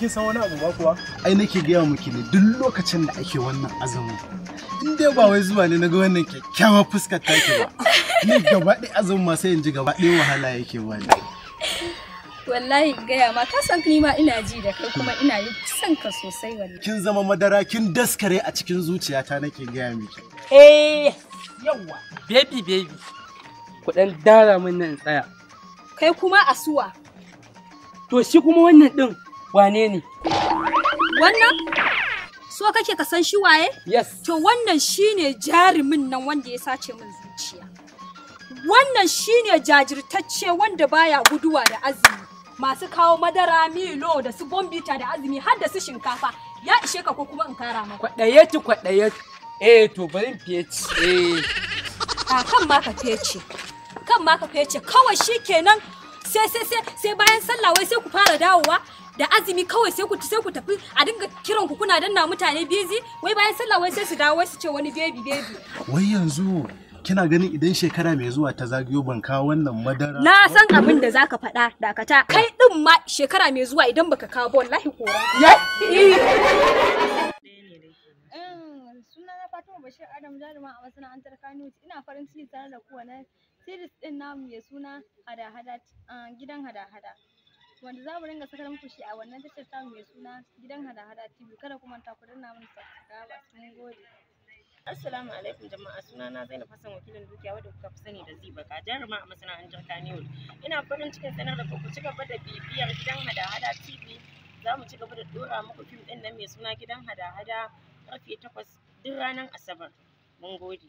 Kin san wani abu ba kuwa? Ai nake gaya miki ne duk lokacin da ake wannan azumin. In dai ba wai zuwa ne na ga wannan kyakkyawar fuskar take ba. Ni gaba ɗaya azumin ma sai in ji gaba ɗaya wahala yake ba ni. Wallahi gaya ma ka san ni ma ina ji da kai kuma ina yi son ka sosai wallahi. Kin zama madara kin daskare a cikin zuciyata nake gaya miki. Eh yawa baby baby ku dan dara min nan tsaya. Kai kuma asuwa. To shi kuma wannan din Wane ne? Wannan? So kake ka san shi waye? Yes. To wannan shine jarumin nan wanda ya sace min zuciya. Wannan shine jajirtacce wanda baya guduwa da azumi. Masu kawo madara, milo da su bombita da azumi har da su shinkafa. Ya ishe ka ko kuma in kara maka. Kwaɗaye tu Eh to bari in fece. Eh. A ah, kan ma ka fece. Kan ma ka fece kawai shikenan sai sai sai sai bayan sallah wai sai ku fara dawowa da azumi kawai sai ku sai ku tafi a dinga kiran ku kuna danna mutane busy wai bayan sallah wai sai su dawo su ce wani baby baby wai yanzu kina ganin idan shekara mai zuwa ta zagiyo ban kawo wannan madara na san abin da zaka faɗa dakata kai din ma shekara mai zuwa idan baka kawo ba wallahi koran eh, sunana Fatima Bashir Adam Jaruma a masana'antar Kano ina farin ciki tare da kowane series din namu ya suna hada-hada eh, gidan hada-hada wanda za mu ringa sakar muku shi a wannan tashar tamu mai suna gidan hada-hada TV kada kuma manta ku danna mana subscribe mun gode Assalamu alaikum jama'a sunana Zainab Hassan wakilin dukiya wadda kuka fi sani da ziba ga jaruma a masana'antar Kaniwood ina farin cikin sanar da ku ku ci da bibiyar gidan hada-hada TV za mu ci gaba da dora muku fim ɗin nan mai suna gidan hada-hada karfe takwas duk ranar Asabar mun gode